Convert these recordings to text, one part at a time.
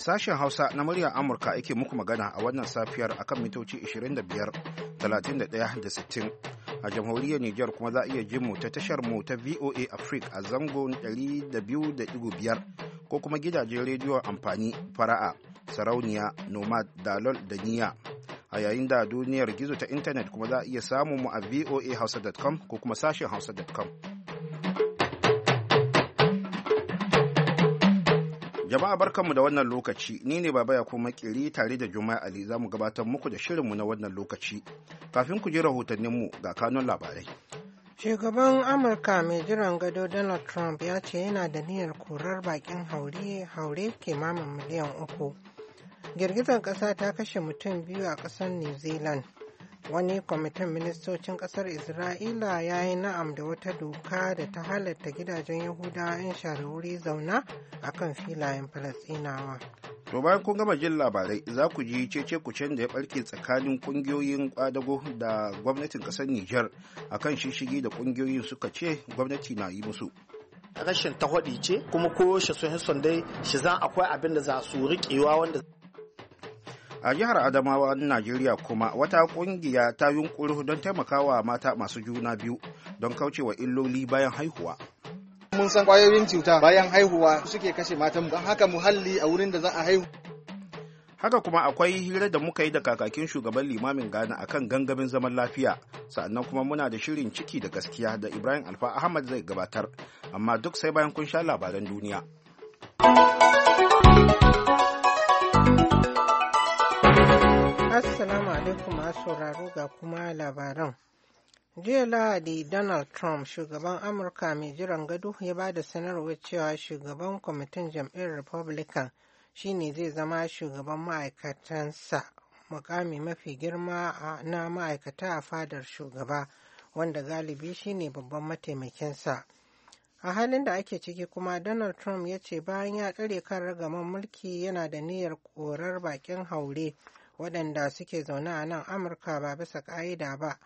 Sashen Hausa na murya Amurka yake muku magana a wannan safiyar akan mitoci 25, 31 da 60. A jamhuriyar Nijar kuma za a iya jin mu ta tashar mu ta VOA Africa a zangon 200.5 ko kuma gidajen rediyo amfani fara'a, sarauniya, nomad, dalol da niya. A yayin da duniyar gizo ta intanet kuma za a iya samun mu a voahausa.com ko kuma sashen hausa.com. Jama'a barkanmu da wannan lokaci, ni ne baba ya kuma kiri tare da Juma'a Ali za mu gabatar muku da shirinmu na wannan lokaci. Kafin ku ji rahotanninmu ga kanun labarai. Shugaban Amurka mai jiran gado Donald Trump ya ce yana da niyyar korar bakin haure haure kimanin miliyan uku. Girgizar ƙasa ta kashe mutum biyu a ƙasar New Zealand. wani kwamitin ministocin kasar isra'ila ya yi na'am da wata doka da ta halatta gidajen yahudawa 'yan share wuri zauna a kan filayen falasinawa to bayan kun gama jin labarai za ku ji cece kucen da ya barke tsakanin kungiyoyin kwadago da gwamnatin kasar niger akan shishigi da kungiyoyin suka ce gwamnati na yi musu rashin tahwaɗi ce kuma ko shi sun dai shi zan akwai abin da za su riƙewa wanda a jihar adamawa na najeriya kuma wata kungiya ta yunkuru don taimakawa mata masu juna biyu don kaucewa illoli bayan haihuwa mun san kwayoyin cuta bayan haihuwa suke kashe matan don haka muhalli a wurin da za a haihu haka kuma akwai hira da muka yi da kakakin shugaban limamin ghana akan gangamin zaman lafiya sannan kuma muna da shirin ciki da gaskiya da ibrahim alfa ahmad zai gabatar amma duk sai bayan kun sha labaran duniya sauraro ga kuma labaran. Jiya Lahadi Donald Trump, shugaban Amurka mai jiran gado, ya ba da sanarwar cewa shugaban kwamitin jam'iyyar Republican shine zai zama shugaban ma'aikatansa mukami mafi girma na ma'aikata a fadar shugaba wanda galibi shine babban mataimakinsa. a halin da ake ciki kuma donald trump ya ce bayan ya tsare kan ragaman mulki yana da niyyar korar bakin haure waɗanda suke zaune a nan amurka ba bisa ƙa'ida ba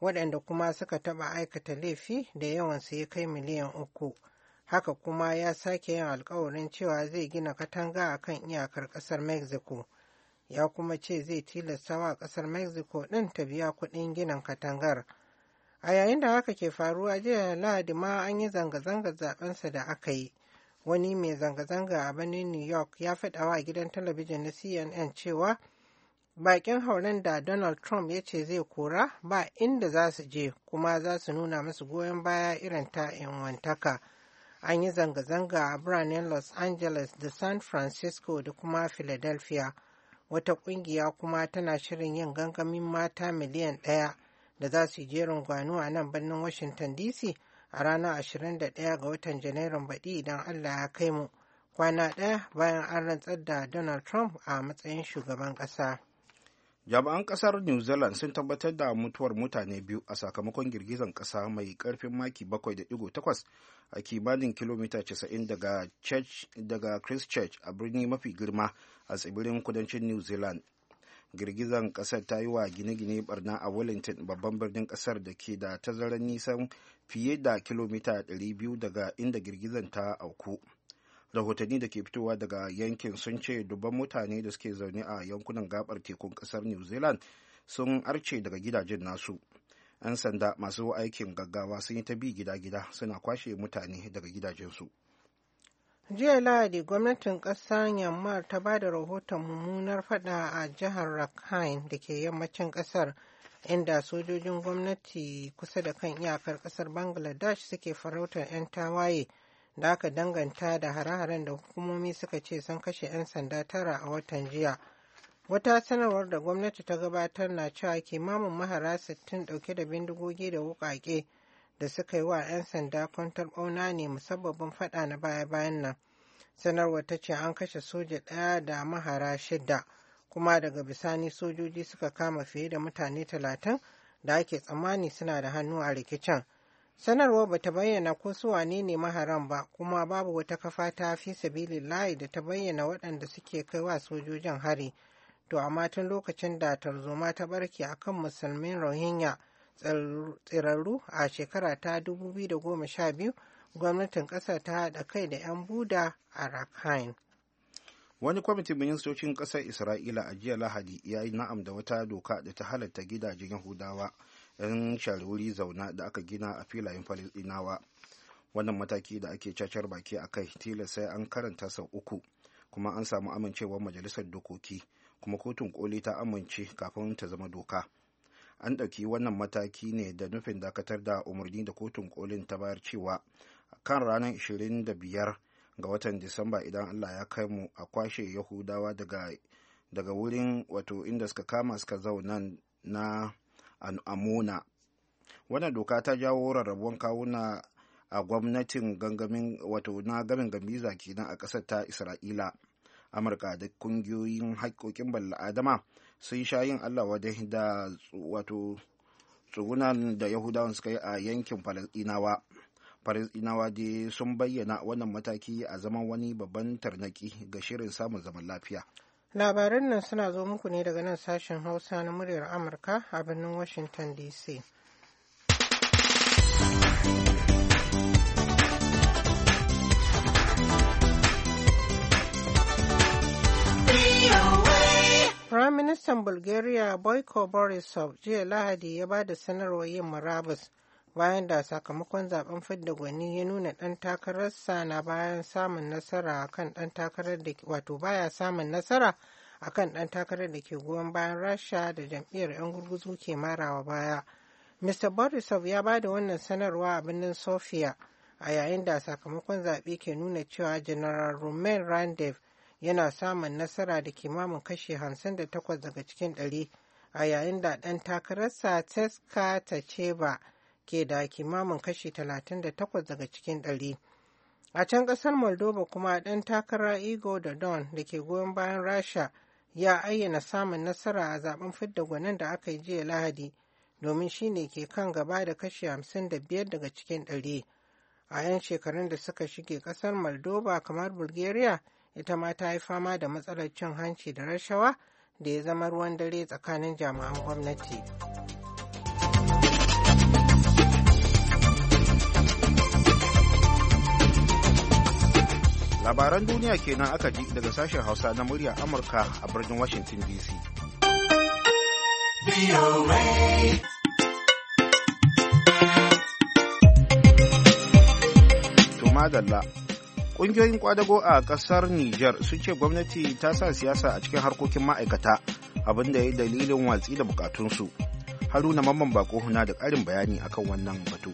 waɗanda kuma suka taɓa aikata laifi da yawan su ya kai miliyan uku haka kuma ya sake yin alkawarin cewa zai gina katanga a kan iyakar ƙasar mexico ya kuma ce zai tilasta wa ƙasar mexico ɗin ta biya kuɗin ginin katangar a yayin da haka ke faruwa jiya lahadi ma an yi zanga-zangar zaɓensa da aka yi wani mai zanga-zanga a birnin new york ya faɗawa wa gidan talabijin na cnn cewa bakin hauren da Donald Trump ya ce zai kora ba inda za su je kuma za su nuna masu goyon baya irin ta 'yan wantaka. An yi zanga-zanga a biranen Los Angeles da San Francisco da kuma Philadelphia. Wata kungiya kuma tana shirin yin gangamin mata miliyan ɗaya da za su je rungwano a nan birnin Washington DC a ranar 21 ga watan Janairun baɗi idan Allah ya kai mu. Kwana ɗaya bayan an rantsar da Donald Trump a matsayin shugaban ƙasa. jami'an kasar new zealand sun tabbatar da mutuwar mutane biyu a sakamakon girgizan kasa mai karfin maki 7.8 a kimanin kilomita 90 daga, daga christchurch a birni mafi girma a tsibirin kudancin new zealand girgizan kasar ta yi wa gine-gine barna a wellington babban birnin kasar da ke da tazarar nisan fiye da kilomita 200 daga inda girgizan ta auku. rahotanni da ke fitowa daga yankin sun ce dubban mutane da suke zaune a yankunan gabar tekun kasar new zealand sun arce daga gidajen nasu 'yan sanda masu aikin gaggawa sun yi ta bi gida-gida suna kwashe mutane daga gidajensu jiya lahadi gwamnatin ƙasar yammar ta ba da rahoton mummunar fada a jihar rakhine da ke yammacin ƙasar inda sojojin gwamnati kusa da kan iyakar ƙasar bangladesh suke farautar 'yan tawaye da aka danganta da hare-haren da hukumomi suka ce sun kashe 'yan sanda tara a watan jiya. Wata sanarwar da gwamnati ta gabatar na cewa kimamin mahara 60 dauke da bindigogi da wukake da suka yi wa 'yan sanda kwantar bauna ne musabbabin fada na baya-bayan nan. Sanarwar ta ce an kashe soja ɗaya da mahara shida, kuma daga bisani sojoji suka kama fiye da mutane talatin da ake tsammani suna da hannu a rikicin. sanarwar bata bayyana ko su wane ne maharan ba kuma babu wata kafa ta fi sabilillahi da ta bayyana waɗanda suke kai wa sojojin hari to amma tun lokacin da tarzoma ta barke a kan musulmin rohingya tsirarru a shekara ta 2012 gwamnatin ƙasa ta haɗa kai da 'yan buda a rakhine wani kwamitin ministocin ƙasar isra'ila a jiya lahadi ya yi na'am da wata doka da ta halatta gidajen yahudawa 'yan wuri zauna da aka gina a filayen falasɗinawa wannan mataki da ake cacar baki a kai tilas sai an karanta sau uku kuma an samu amincewar majalisar dokoki kuma kotun koli ta amince kafin ta zama doka an ɗauki wannan mataki ne da nufin dakatar da umarni da kotun kolin ta bayar cewa kan ranar 25 ga watan disamba idan allah ya kai mu a kwashe yahudawa daga daga wurin wato inda suka kama suka zauna na amona wannan doka ta jawo rarrabuwan kawuna a gwamnatin gangamin wato na gamin gambiza kenan a ƙasar ta isra'ila amurka da kungiyoyin haƙƙoƙin adama sun sha yin allah da wato tsugunan da yahudawan suka yi a yankin falasɗinawa falasɗinawa dai sun bayyana wannan mataki a zaman wani babban tarnaki ga shirin samun zaman lafiya Labaran nan suna zo muku ne daga nan sashen Hausa na muryar Amurka a birnin Washington DC. Firaministan Bulgaria Boyko Borisov jiya Lahadi ya ba da sanarwar yin murabus bayan da sakamakon zaben fidda gwani ya nuna dan takararsa na bayan samun nasara kan dan takarar da wato baya samun nasara akan dan takarar da ke goyon bayan rasha da jam'iyyar 'yan gurguzu ke marawa baya mr borisov ya bada wannan sanarwa a birnin sofia a yayin da sakamakon zaɓe ke nuna cewa general romain randev yana samun nasara da kimamin kashi 58 daga cikin 100 a yayin da ɗan takararsa teska tacheba ke da kimamin kashi 38 daga cikin ɗari. A can ƙasar Moldova kuma ɗan takara Igor da Don da ke goyon bayan Rasha ya ayyana samun nasara a zaben fidda gwanin da aka yi jiya Lahadi domin shi ne ke kan gaba da kashi 55 daga cikin ɗari. A 'yan shekarun da suka shige ƙasar Moldova kamar Bulgaria ita ma ta yi fama da matsalar cin hanci da rashawa da ya zama ruwan dare tsakanin jami'an gwamnati. labaran duniya kenan aka ji daga sashen hausa na murya amurka a birnin washington dc madalla ƙungiyoyin kwadago a ƙasar niger sun ce gwamnati ta sa siyasa a cikin harkokin ma'aikata abinda ya yi dalilin watsi da bukatunsu haruna mamman bako huna da ƙarin bayani akan wannan batu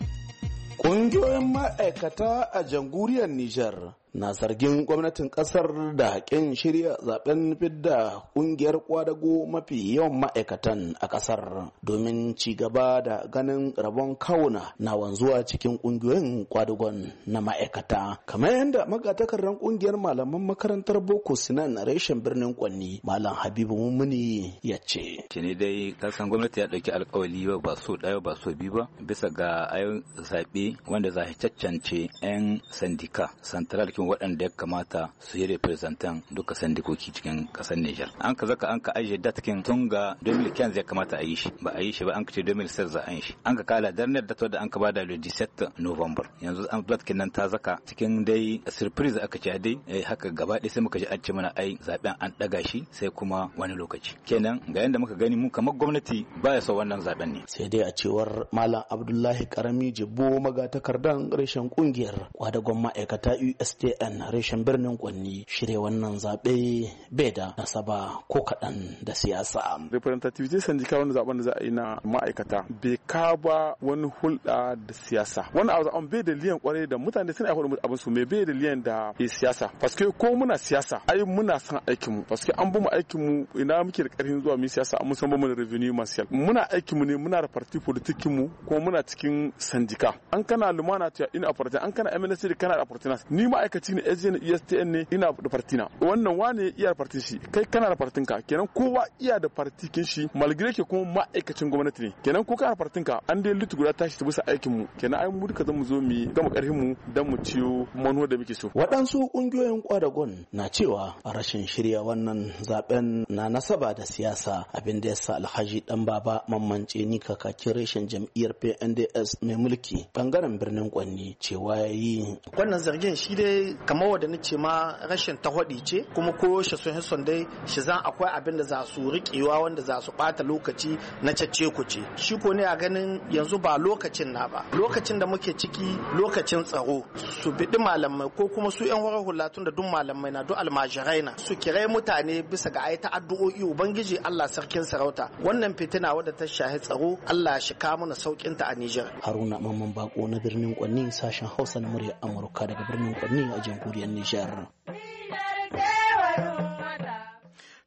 ƙungiyoyin ma'aikata a Janguriyar niger na zargin gwamnatin kasar da haƙin shirya zaben fidda ƙungiyar kwadago mafi yawan ma'aikatan a kasar domin ci gaba da ganin rabon kawuna na wanzuwa cikin ƙungiyoyin kwadagon na ma'aikata kamar yadda magatakarren ƙungiyar malaman makarantar boko sinan reshen birnin kwanni malam habibu mummuni ya ce tuni dai kasan gwamnati ya ɗauki alkawali ba so ɗaya ba so biyu ba bisa ga ayon zaɓe wanda za cancance 'yan sandika central waɗanda ya kamata su yi representan duka sandikoki cikin ƙasar Nijar. An ka zaka an ka ajiye datkin tun ga 2015 ya kamata a yi shi ba a yi shi ba an ka ce 2016 za a yi shi. An ka kala darnar dato da an ka bada le 17 November. Yanzu an datkin nan ta zaka cikin dai surprise aka ce dai eh, haka gaba ɗaya sai muka ji an ce mana ai zaben an daga shi sai kuma wani lokaci. Kenan ga yanda muka gani mu kamar gwamnati ba ya so wannan zaben ne. Sai dai a cewar Malam Abdullahi Karami Jibo magatakardan reshen kungiyar kwadagon ma'aikata UST SAN reshen birnin Kwanni shirya wannan zaɓe bai da nasaba ko kaɗan da siyasa. Representativity Jika wani zaɓen da za a yi na ma'aikata bai ka ba wani hulɗa da siyasa. Wani abu zaɓen bai da liyan kwarai da mutane suna aiwatar abin su mai bai da liyan da siyasa. Paske ko muna siyasa ai muna son aikin mu paske an bamu aikin mu ina muke da ƙarfin zuwa mu siyasa mun san bamu da revenue martial. Muna aikin mu ne muna da party politikin mu ko muna cikin sandika. An kana lumana ta ina a an kana MNC kana opportunity ni ma ci ne SGN ESTN ne ina da partina wannan wane iya partin shi kai kana da partin ka kenan kowa iya da partikin shi malgire ke kuma ma'aikacin gwamnati ne kenan ko kana partin ka an dai lutu guda tashi ta bisa aikin mu kenan ai mu duka mu zo mu gama karfin mu dan mu ciyo manuwa da muke so waɗansu ƙungiyoyin kwadagon na cewa a rashin shirya wannan zaben na nasaba da siyasa abin da yasa alhaji dan baba mamance ni kakakin reshen jam'iyyar PNDS mai mulki bangaren birnin Kwanni cewa yayi wannan zargin shi dai kamar kamar wanda ce ma rashin tahwadi ce kuma ko shi sun son dai shi zan akwai abin da za su riƙewa wanda za su ɓata lokaci na cece ku ce shi ko ne a ganin yanzu ba lokacin na ba lokacin da muke ciki lokacin tsaro su biɗi malamai ko kuma su yan horar hula tun da duk malamai na duk almajirai na su kirai mutane bisa ga ayi addu'o'i ubangiji Allah sarkin sarauta wannan fitina wadda ta shahi tsaro Allah shi ka mana saukin ta a Niger Haruna Mamman Bako na birnin Kwanni sashen Hausa na murya Amurka daga birnin Kwanni a jamhuriyar Nijar.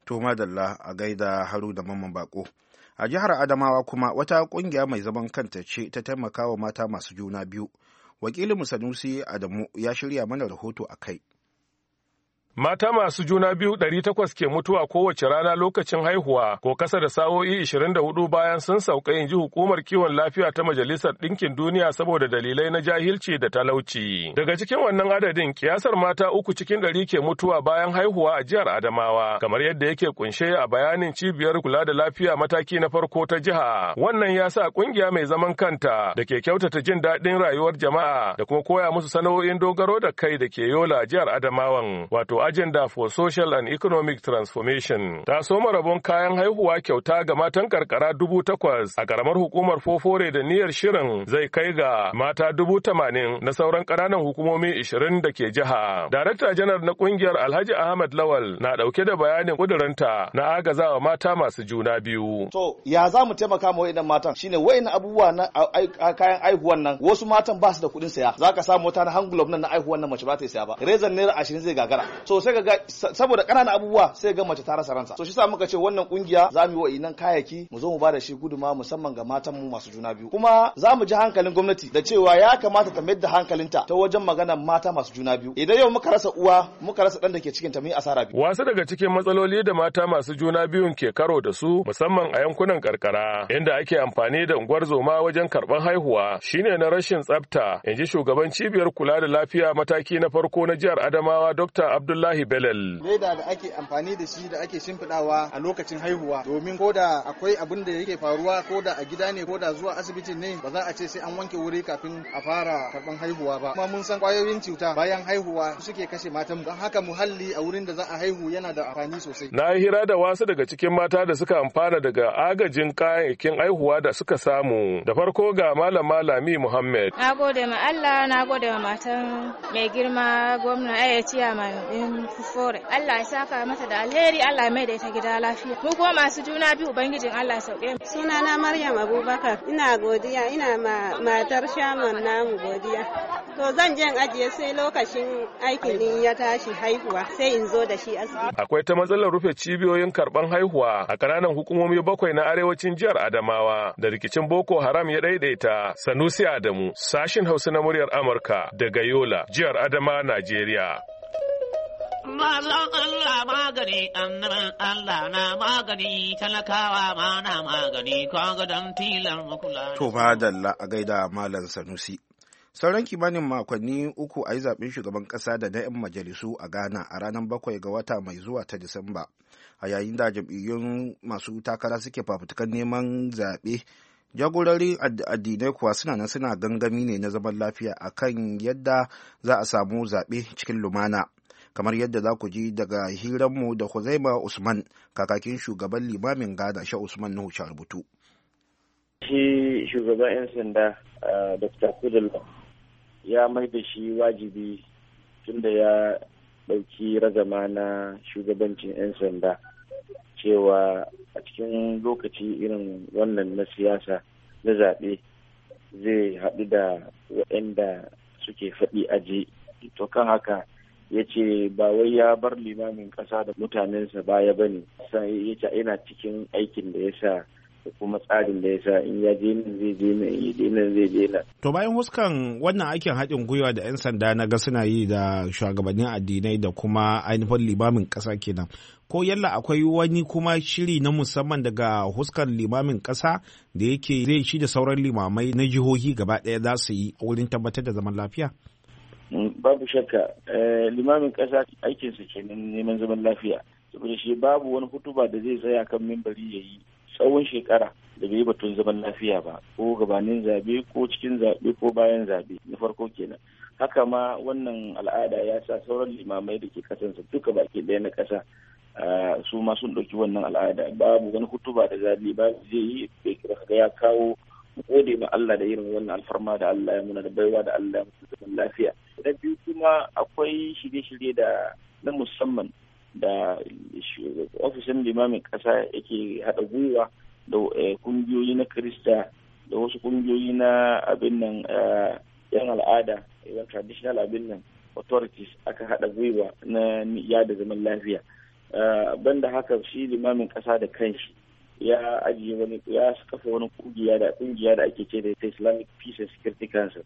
To madalla a gaida haru da mamman bako. A jihar Adamawa kuma wata kungiya mai zaman kanta ce ta taimaka wa mata masu juna biyu. Wakilin Sanusi Adamu ya shirya mana rahoto a kai. Mata masu juna biyu ɗari takwas ke mutuwa kowace rana lokacin haihuwa ko kasa da sa'o'i hudu bayan sun sauka ji hukumar kiwon lafiya ta Majalisar Ɗinkin Duniya saboda dalilai na jahilci da talauci. Daga cikin wannan adadin kiyasar mata uku cikin ɗari ke mutuwa bayan haihuwa a jihar Adamawa kamar yadda yake kunshe a bayanin cibiyar kula da lafiya mataki na farko ta jiha. Wannan ya sa ƙungiya mai zaman kanta da ke kyautata jin daɗin rayuwar jama'a da kuma koya musu sana'o'in dogaro da kai da ke yola a jihar Adamawan wato Agenda for Social and Economic Transformation ta soma rabon kayan haihuwa kyauta ga matan karkara dubu takwas a karamar hukumar fofore da niyyar shirin zai kai ga mata dubu tamanin na sauran ƙananan hukumomi ishirin da ke jiha. Darakta janar na ƙungiyar Alhaji Ahmad Lawal na ɗauke da bayanin ƙudurinta na agazawa mata masu juna biyu. To ya za mu taimaka ma wa'in matan shine wa'in abubuwa na kayan haihuwan nan wasu matan ba su da kuɗin saya za ka samu wata na hangulof nan na haihuwan nan mace ba ta saya ba. Rezan naira ashirin zai gagara. so sai ga saboda ƙananan abubuwa sai ga mace ta rasa ransa so shi sa muka ce wannan kungiya za mu yi wa inan kayaki mu zo mu ba da shi guduma musamman ga matan mu masu juna biyu kuma za mu ji hankalin gwamnati da cewa ya kamata ta mayar da hankalinta ta wajen magana mata masu juna biyu idan yau muka rasa uwa muka rasa dan da ke cikin ta mu yi asara biyu wasu daga cikin matsaloli da mata masu juna biyun ke karo da su musamman a yankunan karkara inda ake amfani da unguwar zoma wajen karban haihuwa shine na rashin tsafta inji shugaban cibiyar kula da lafiya mataki na farko na jihar Adamawa Dr. Abdullahi Abdullahi Belal. Leda da ake amfani da shi da ake shimfiɗawa a lokacin haihuwa domin ko da akwai abin da yake faruwa ko da a gida ne ko da zuwa asibitin ne ba za a ce sai an wanke wuri kafin a fara karɓan haihuwa ba. Kuma mun san ƙwayoyin cuta bayan haihuwa suke kashe matan don haka muhalli a wurin da za a haihu yana da amfani sosai. Na yi hira da wasu daga cikin mata da suka amfana daga agajin kayayyakin haihuwa da suka samu. Da farko ga malama Lami Muhammad. Na gode ma Allah, na gode ma matan mai girma gwamna Aya eh, Ciyaman Kufore. Allah ya saka mata da alheri, Allah ya mai da ita gida lafiya. Mu kuma masu juna biyu Ubangijin Allah sauke mu. na Maryam Abubakar, ina godiya, ina ma matar shaman namu godiya. To zan je ajiye sai lokacin aikin ya tashi haihuwa sai in zo da shi asibiti. Akwai ta matsalar rufe cibiyoyin karban haihuwa a kananan hukumomi bakwai na arewacin jihar Adamawa da rikicin Boko Haram ya daidaita. Sanusi Adamu, sashin Hausa na muryar Amurka daga Yola, jihar Adama, Najeriya. Mazan Allah magani, annaban Allah na magani, talakawa ma na magani, don tilar makula. To madalla a gaida Malam Sanusi. Sauran kimanin makonni uku a yi zaɓen shugaban ƙasa da na 'yan majalisu a Ghana a ranar bakwai ga wata mai zuwa ta Disamba, a yayin da jam'iyyun masu takara suke fafutukan neman zaɓe jagorori addinai kuwa suna nan suna gangami ne na zaman lafiya a kan yadda za a samu zaɓe cikin lumana kamar yadda za ku ji daga hiranmu da Huzaima Usman kakakin shugaban limamin gada sha Usman Nuhu sha rubutu. Shi shugaban 'yan sanda Dr. Kudullo ya mai da shi wajibi tunda ya ɗauki ragama na shugabancin 'yan sanda cewa a cikin lokaci irin wannan na siyasa na zaɓe zai haɗu da waɗanda suke faɗi aji to kan haka ya ce ba wai ya bar limamin kasa da mutanensa baya ba ne ya ce yana cikin aikin da ya sa da kuma tsarin da ya sa in ya je nan zai je nan ya je nan zai je nan. To bayan huskan wannan aikin haɗin gwiwa da 'yan sanda na ga suna yi da shugabannin addinai da kuma ainihin limamin kasa kenan. Ko yalla akwai wani kuma shiri na musamman daga huskan limamin kasa da yake zai shi da sauran limamai na jihohi gaba ɗaya za su yi wurin tabbatar da zaman lafiya? Mm, babu shakka eh, limamin ƙasa aikinsa kenan neman zaman lafiya saboda shi babu wani hutuba da zai tsaya kan mimbari ya yi tsawon shekara da bai batun zaman lafiya ba ko gabanin zabe ko cikin zabe ko bayan zabe na farko kenan haka ma wannan al'ada ya sa sauran limamai da ke kasansa duka baki ɗaya na ƙasa eh, su ma sun ɗauki wannan al'ada babu wani hutuba da zabe ba zai yi bai ya kawo mu gode ma Allah da irin wannan alfarma da Allah ya muna da baiwa da Allah ya mutu zaman lafiya na biyu kuma akwai shirye-shirye da na musamman da ofishin limamin ƙasa yake haɗa gwiwa da kungiyoyi eh, na Kirista da wasu kungiyoyi na abin nan eh, yan al'ada yan eh, traditional abin nan authorities aka haɗa gwiwa na yada zaman lafiya ban da haka shi limamin ƙasa da kanshi ya ajiye wani ya kafa wani kungiya da kungiya da ake ce da ita Islamic Peace and Security Council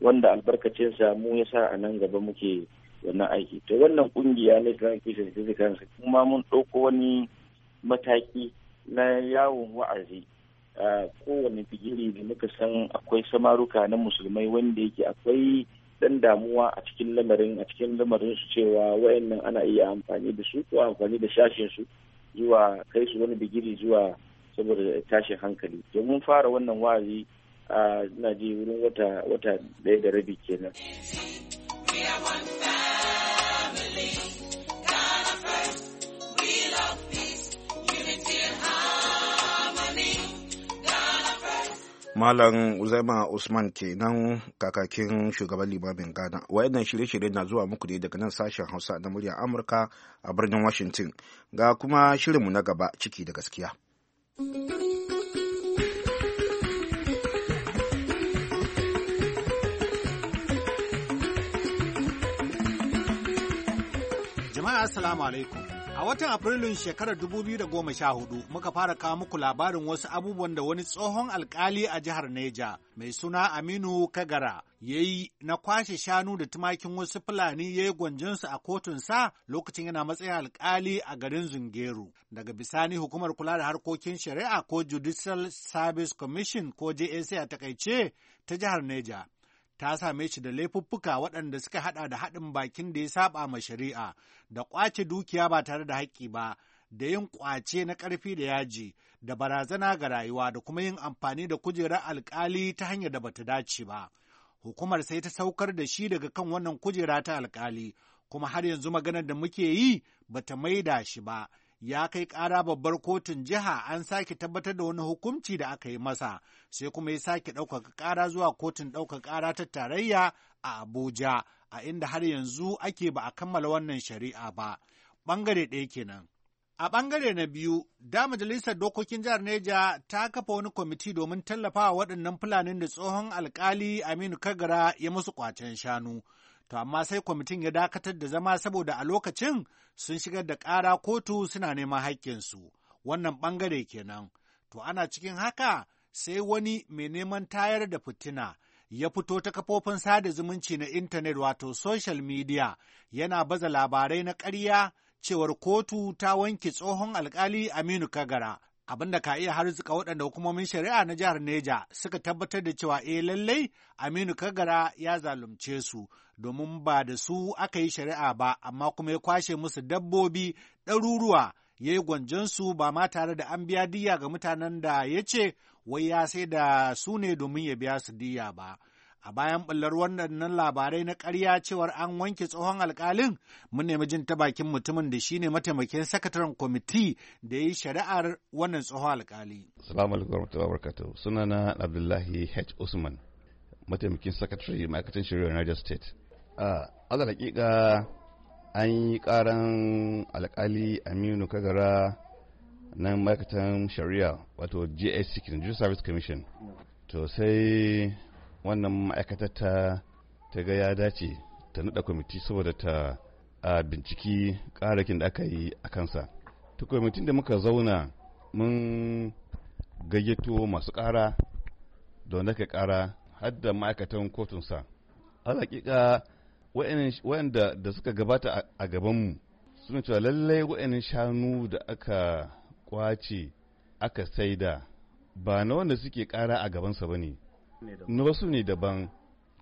wanda albarkacin sa mu yasa a nan gaba muke wannan aiki to wannan kungiya na Islamic Peace and Security Council kuma mun ɗauko wani mataki na yawon wa'azi a kowane bigiri da muka san akwai samaruka na musulmai wanda yake akwai dan damuwa a cikin lamarin a cikin lamarin su cewa wayannan ana iya amfani da su ko amfani da shashin su zuwa kai su wani bigiri zuwa saboda tashi hankali mun fara wannan wazi a ji wurin wata daya da rabi kenan. Malam Uzaima Usman kenan kakakin shugaban limamin Ghana. Wayannan shirye-shirye na zuwa muku ne daga nan sashen Hausa na muryar Amurka a birnin Washington. Ga kuma shirinmu na gaba ciki da gaskiya. Jama'a Assalamu alaikum. A watan Afrilun shekarar 2014 muka fara kawo muku labarin wasu abubuwan da wani tsohon alkali a jihar Neja mai suna Aminu Kagara ya yi na kwashe shanu da tumakin wasu Fulani ya yi gwanjinsu a kotunsa lokacin yana matsayin alkali a garin Zungeru. Daga bisani hukumar kula da harkokin shari'a ko Judicial Service Commission ko JSA a takaice ta jihar Neja ta same shi da laifuffuka waɗanda suka haɗa da haɗin bakin da ya saba ma shari'a da ƙwace dukiya ba tare da haƙƙi ba da yin ƙwace na ƙarfi da yaji da barazana ga rayuwa da kuma yin amfani da kujerar alƙali ta hanyar da bata dace ba hukumar sai ta saukar da shi daga kan wannan kujera ta alkali kuma har yanzu maganar da muke yi bata maida shi ba ya kai ƙara babbar kotun jiha an sake tabbatar da wani hukunci da aka yi masa sai kuma ya sake ɗaukaka ƙara zuwa kotun ɗaukaka ƙara ta tarayya a Abuja a inda har yanzu ake ba a kammala wannan shari'a ba. Ɓangare ɗaya kenan. A ɓangare na biyu, da Majalisar Dokokin Jihar Neja ta kafa wani kwamiti domin tallafawa waɗannan fulanin da tsohon alkali Aminu Kagara ya musu ƙwacen shanu. to amma sai kwamitin ya dakatar da zama saboda a lokacin sun shigar da ƙara kotu suna neman haƙƙinsu, wannan ɓangare kenan. To ana cikin haka sai wani mai neman tayar da fitina ya fito ta kafofin sada zumunci na intanet wato social media yana baza labarai na ƙarya cewar kotu ta wanke tsohon alkali Aminu Kagara abin da ka iya harzika waɗanda hukumomin shari'a na jihar Neja suka tabbatar da cewa eh lallai Aminu Kagara ya zalunce su domin ba da su aka yi shari'a ba amma kuma ya kwashe musu dabbobi ɗaruruwa ya yi su, ba ma tare da an biya diya ga mutanen da ya ce wai ya sai da su ne domin ya biya su diya ba. a bayan ɓullar wannan labarai na ƙarya cewar an wanke tsohon alkalin mun nemi jin ta bakin mutumin da shine mataimakin sakataren kwamiti da ya yi shari'ar wannan tsohon alkali. Salamu alaikum warahmatullahi wabarakatuh. Sunana Abdullahi H. Usman, mataimakin sakatare ma'aikatan shari'ar Niger State. A ala hakika an yi karan alkali Aminu Kagara nan ma'aikatan shari'a wato JSC, Judicial Service Commission. To sai wannan ma'aikata ta ta ga ya dace ta naɗa kwamiti saboda ta a binciki ƙarakin da aka yi a kansa ta kwamitin da muka zauna mun gayyato masu ƙara da wanda ka ƙara har da ma'aikatan kotunsa alaƙiƙa wa'anda da suka gabata a gabanmu suna cewa lallai wa'anin shanu da aka kwace aka saida ba na wanda suke ƙara a gabansa ba ne na wasu ne daban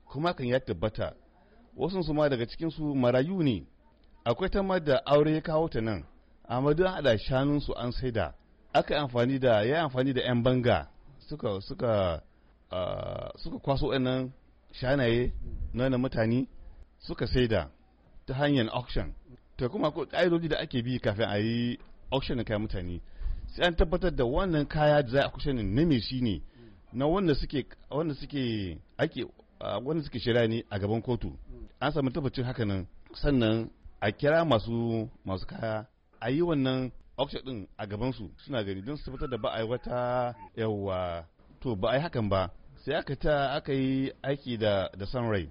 kuma kan ya tabbata wasu su ma daga cikin su marayu ne akwai ta da aure ya kawo ta nan amma don haɗa shanun su an saida aka amfani da ya amfani da yan banga suka suka suka kwaso nan shanaye na mutane suka saida ta hanyar auction ta kuma ko ƙa'idoji da ake bi kafin a yi auction na kayan mutane sai an tabbatar da wannan kaya da za a ne na me shi ne na wanda suke wanda suke ake wanda suke shirya ne a gaban kotu hmm. an samu tabbacin haka nan sannan a kira masu masu kaya a yi wannan auction din a gaban su suna gani don su fitar da ba a yi wata yawa to ba a yi hakan ba sai aka ta aka yi aiki da da sunray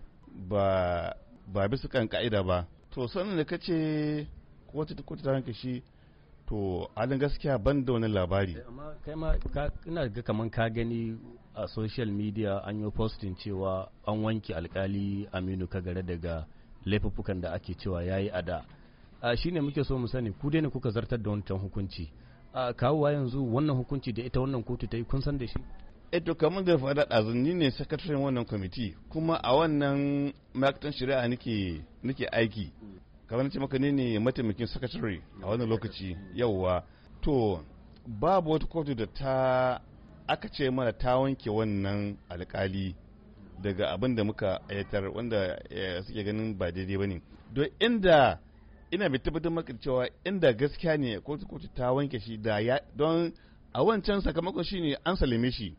ba ba bisa kan ka'ida ba to sannan da kace ko ta ta ranka shi to alin gaskiya ban da wani labari eh, amma kai ma ina ga kaman ka gani a social media an yi posting cewa an wanke alkali aminu kagare daga laifukan da ake cewa ya yi ada a ah, shine muke so mu sani ku ne kuka zartar da wancan hukunci a ah, kawowa yanzu wannan hukunci da ita wannan kotu ta yi kun san da shi e to kamar da faɗa ɗazun ni ne sakataren wannan kwamiti kuma a wannan makatan shari'a nake aiki kamar ce maka ne ne mataimakin sakatare a wannan lokaci yauwa to babu wata kotu da ta aka ce mana ta wanke wannan alkali daga abin da muka ayatar wanda eh, suke ganin ba daidai ba ne don inda ina bai tabbatar maka cewa inda gaskiya ne kotu kotu ta wanke shi da don a wancan sakamakon shi ne an salime shi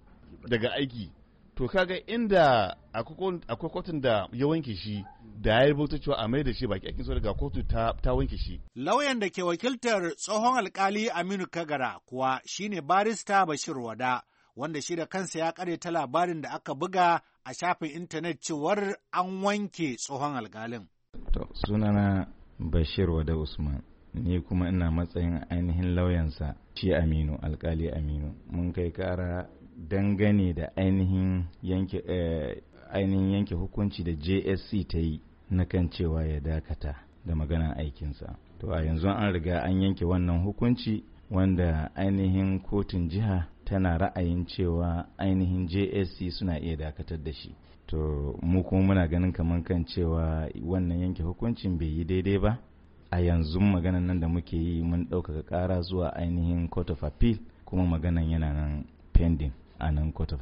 daga aiki to kaga inda akwai kotun da ya wanke shi da ya rubuta cewa a mai da shi baki akin daga kotu ta wanke shi. Lauyan da ke wakiltar tsohon alkali Aminu Kagara kuwa shine barista Bashir Wada wanda shi da kansa ya kare ta labarin da aka buga a shafin intanet cewar an wanke tsohon alkalin. To sunana Bashir Wada Usman ni kuma ina matsayin ainihin lauyansa shi Aminu alkali Aminu mun kai kara dangane da ainihin yanke eh, ainihin yanke hukunci da JSC ta yi na kan cewa ya dakata da maganan aikinsa. To a yanzu an riga an yanke wannan hukunci wanda ainihin kotun jiha tana ra'ayin cewa ainihin JSC suna iya dakatar da shi. To mu kuma muna ganin kamar kan cewa wannan yanke hukuncin bai yi daidai ba. A yanzu maganan nan da muke yi mun ɗaukaka ƙara zuwa ainihin Court of Appeal kuma maganan yana nan pending. a nan court of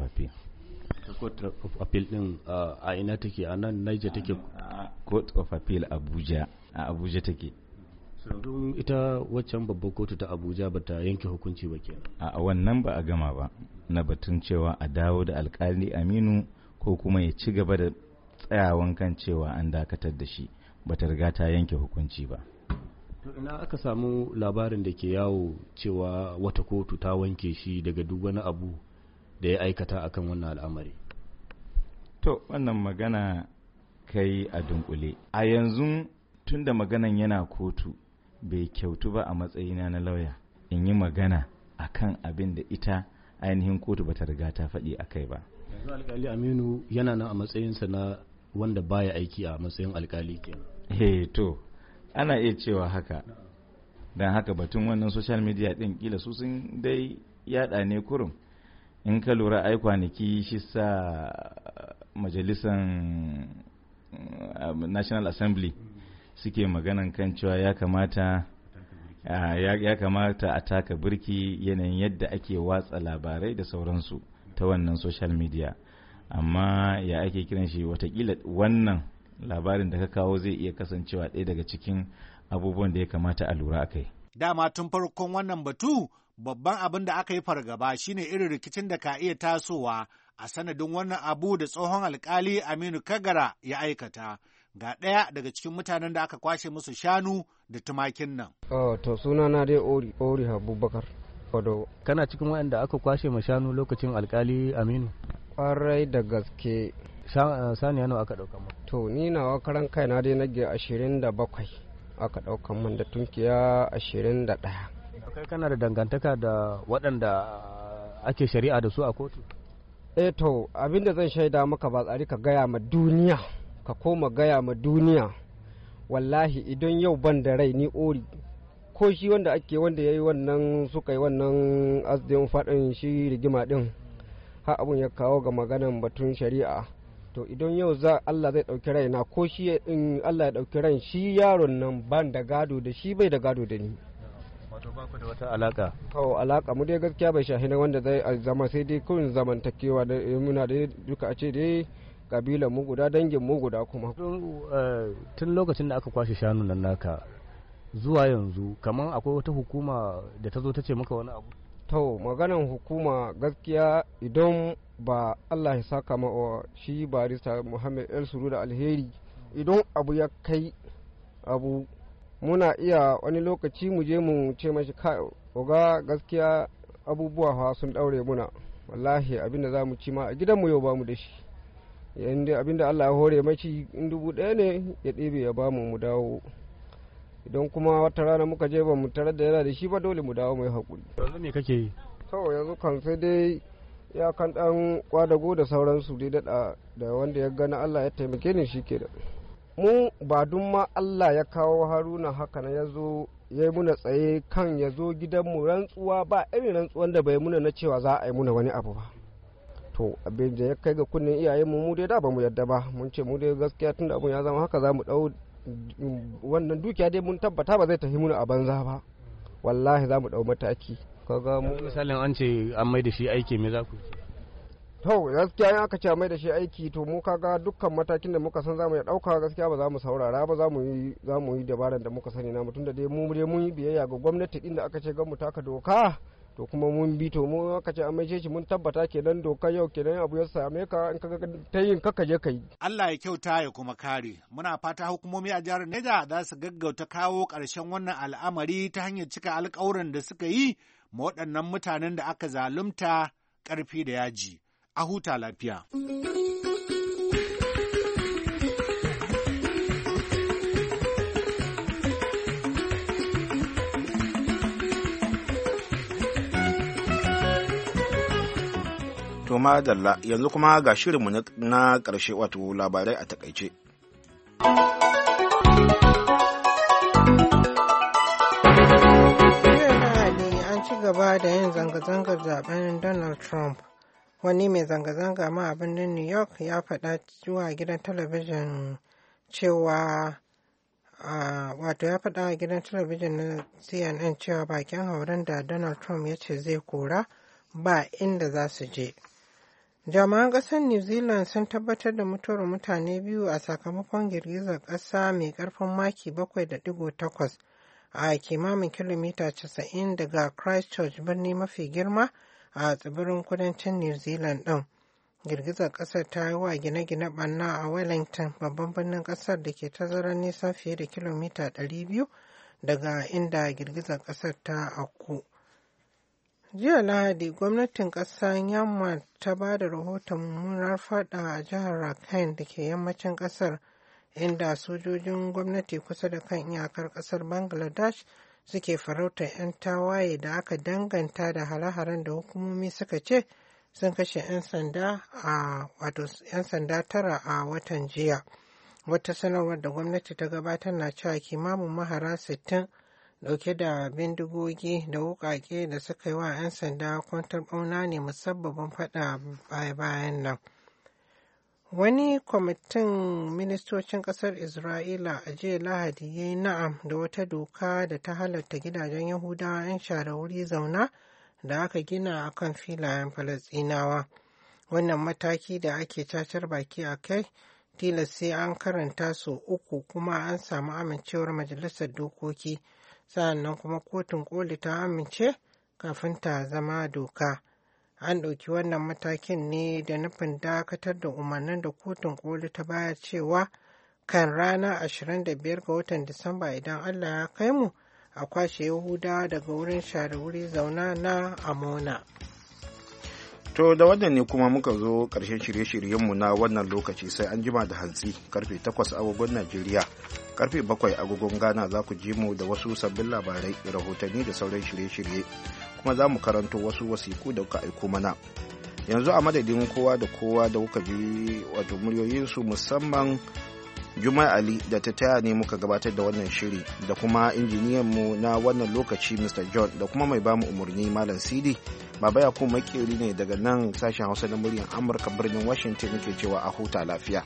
din a ina take a nan take court of appeal abuja a abuja take don ita waccan babbar kotu ta abuja ba ta yanke hukunci ba kenan a wannan ba a gama ba na batun cewa a dawo da alkali aminu ko kuma ya ci gaba da tsayawan kan cewa an dakatar da shi ba ta riga ta yanke hukunci ba ina aka samu labarin da ke yawo cewa wata kotu ta wanke shi daga duk wani abu da ya aikata akan wannan al'amari to wannan magana kai a dunkule a yanzu tunda maganan yana kotu bai kyautu ba a matsayina na lauya in yi magana kan abin da ita ainihin kotu bata riga ta faɗi a kai ba yanzu alkali aminu yana nan a matsayinsa na wanda baya aiki a matsayin alkali kenan eh to ana iya cewa haka don haka batun wannan social media ɗin kila su sun dai yada ne kurum in ka lura ai kwanaki shi sa uh, majalisan uh, national assembly suke maganan kan cewa ya kamata uh, ya kamata a taka birki yanayin yadda ake watsa labarai da sauransu ta wannan social media amma ya ake kiran shi watakila wannan labarin da ka kawo zai iya kasancewa ɗaya daga cikin abubuwan da ya kamata a lura a kai dama tun farkon wannan batu babban abin da aka yi fargaba shine irin rikicin da ka iya tasowa a sanadin wannan abu da tsohon alkali Aminu Kagara ya aikata. Ga ɗaya daga cikin mutanen da aka kwashe musu shanu da tumakin nan. Oh, to na dai Ori, Ori Abubakar. Kana cikin waɗanda aka kwashe ma shanu lokacin alkali Aminu? Kwarai da gaske. Eh, saniya nawa aka ɗauka ma? To, ni nawa karan na dai nage ashirin da bakwai aka ɗauka mun da tunkiya ashirin da ɗaya. kai kana da dangantaka da waɗanda ake shari'a da su a kotu eh to abinda zan shaida maka ba tsari ka gaya ma duniya ka koma gaya ma duniya wallahi idan yau ban da rai ni ori ko shi wanda ake wanda ya yi wannan suka yi wannan azdin faɗin shi rigima ɗin ha abun ya kawo ga maganan batun shari'a to idan yau za Allah zai ɗauki raina ko shi Allah ya ɗauki rai shi yaron nan ban da gado da shi bai da gado da ni wato ba ku da wata alaka to alaka mu dai gaskiya bai shahi na wanda zai zama sai dai kun zamantakewa da eh, muna dai duka a ce dai kabilan mu guda dangin mu guda kuma eh, tun lokacin da aka kwashe shanu nan naka zuwa yanzu kamar akwai wata hukuma da ta zo ta ce maka wani abu to maganan hukuma gaskiya idan ba Allah ya saka ma oh, shi barista Muhammad El Suru da alheri idan abu ya kai abu muna iya wani lokaci mu je mu ce mashi oga gaskiya abubuwa fa sun daure muna wallahi abinda za mu ci ma a gidan mu yau bamu da shi yanda abinda Allah ya hore maci in dubu ɗaya ne ya ɗebe ya bamu mu dawo idan kuma wata rana muka je ba mu tarar da yana da shi ba dole mu dawo mai haƙuri yanzu me kake yi to yanzu kan sai dai ya kan dan kwadago da sauransu dai da wanda ya gana Allah ya taimake ni shi mu ba dun ma Allah ya kawo haruna haka na ya zo ya yi muna tsaye kan ya zo gidanmu rantsuwa ba irin rantsuwan da bai muna na cewa za a yi muna wani abu ba to abin da ya kai ga kunnen iyayen mu dai da ba mu yadda ba mun ce mu dai gaskiya tunda abun ya zama haka za mu dau wannan dukiya dai mun tabbata ba zai tafi muna a banza ba wallahi za mu dau mataki kaga mu misalin an ce an mai da shi aiki me za ku to gaskiya in aka ce mai da shi aiki to mu kaga dukkan matakin da muka san zamu ya dauka gaskiya ba za mu saurara ba za mu yi za mu yi dabaran da muka sani na mutum da dai mu dai mun yi biyayya ga gwamnati din da aka ce gan mu taka doka to kuma mun bi to mu aka ce amma shi mun tabbata kenan doka yau kenan abu ya same ka in kaga ta yin kaka je kai Allah ya kyauta ya kuma kare muna fata hukumomi a jihar Niger za su gaggauta kawo karshen wannan al'amari ta hanyar cika alƙawuran da suka yi ma waɗannan mutanen da aka zalunta ƙarfi da yaji. a huta lafiya. madalla yanzu kuma ga shirinmu na ƙarshe wato labarai a takaice. Jiya ne an ci gaba da yin zanga-zangar zaben Donald Trump. wani mai zanga-zanga ma abin birnin new york ya faɗa zuwa gidan talabijin cewa wato ya faɗa a gidan talabijin na cnn cewa bakin hauren da donald trump ya ce zai kora ba inda za su je jama'an ƙasar new zealand sun tabbatar da mutuwar mutane biyu a sakamakon girgizar ƙasa mai karfin maki 7.8 a kimamin kilomita 90 daga christchurch birni mafi girma a tsibirin kudancin new zealand ɗin girgizar ƙasar ta yi wa gine-gine banna a wellington babban birnin ƙasar da ke tazarar nisa fiye da kilomita 200 daga inda girgizar ƙasar ta aku jiya lahadi gwamnatin ƙasar yamma ta ba da rahoton mummunar fada a jihar rakhine da ke yammacin ƙasar inda sojojin gwamnati kusa da kan iyakar ƙasar bangladesh suke farautar 'yan tawaye da aka danganta da hare-haren da hukumomi suka ce sun kashe 'yan sanda tara a watan jiya wata sanarwar da gwamnati ta gabatar na cewa kimamin mahara sittin dauke da bindigogi da wukake da suka yi wa 'yan sanda kwantar bauna ne musabbabin faɗa bayan nan. Wani kwamitin ministocin ƙasar Isra'ila a jiya Lahadi ya yi na'am da wata doka da ta halatta gidajen Yahudawa 'yan share wuri zauna da aka gina a kan filayen Falasɗinawa. Wannan mataki da ake cacar baki a kai tilas sai an karanta su uku kuma an samu amincewar majalisar dokoki, sannan kuma kotun koli ta amince kafin ta zama doka. an ɗauki wannan matakin ne da nufin dakatar da umarnin da kotun koli ta baya cewa kan rana 25 ga watan disamba idan allah ya kai mu a kwashe yahudawa daga wurin share wuri zauna na amona to da wannan ne kuma muka zo ƙarshen shirye-shiryenmu na wannan lokaci sai an jima da hantsi karfe 8 agogon najeriya karfe 7 agogon ghana za ku ji mu da wasu sabbin labarai rahotanni da sauran shirye-shirye kuma za mu karanto wasu wasiku da kuka aiko mana yanzu a madadin kowa da kowa da kuka ji wato muryoyinsu musamman Juma'a Ali da ta taya ne muka gabatar da wannan shiri da kuma injiniyan mu na wannan lokaci Mr. John da kuma mai bamu umarni Malam Sidi. Baba ya kuma makeri ne daga nan sashen Hausa na muryar Amurka birnin Washington muke cewa a huta lafiya.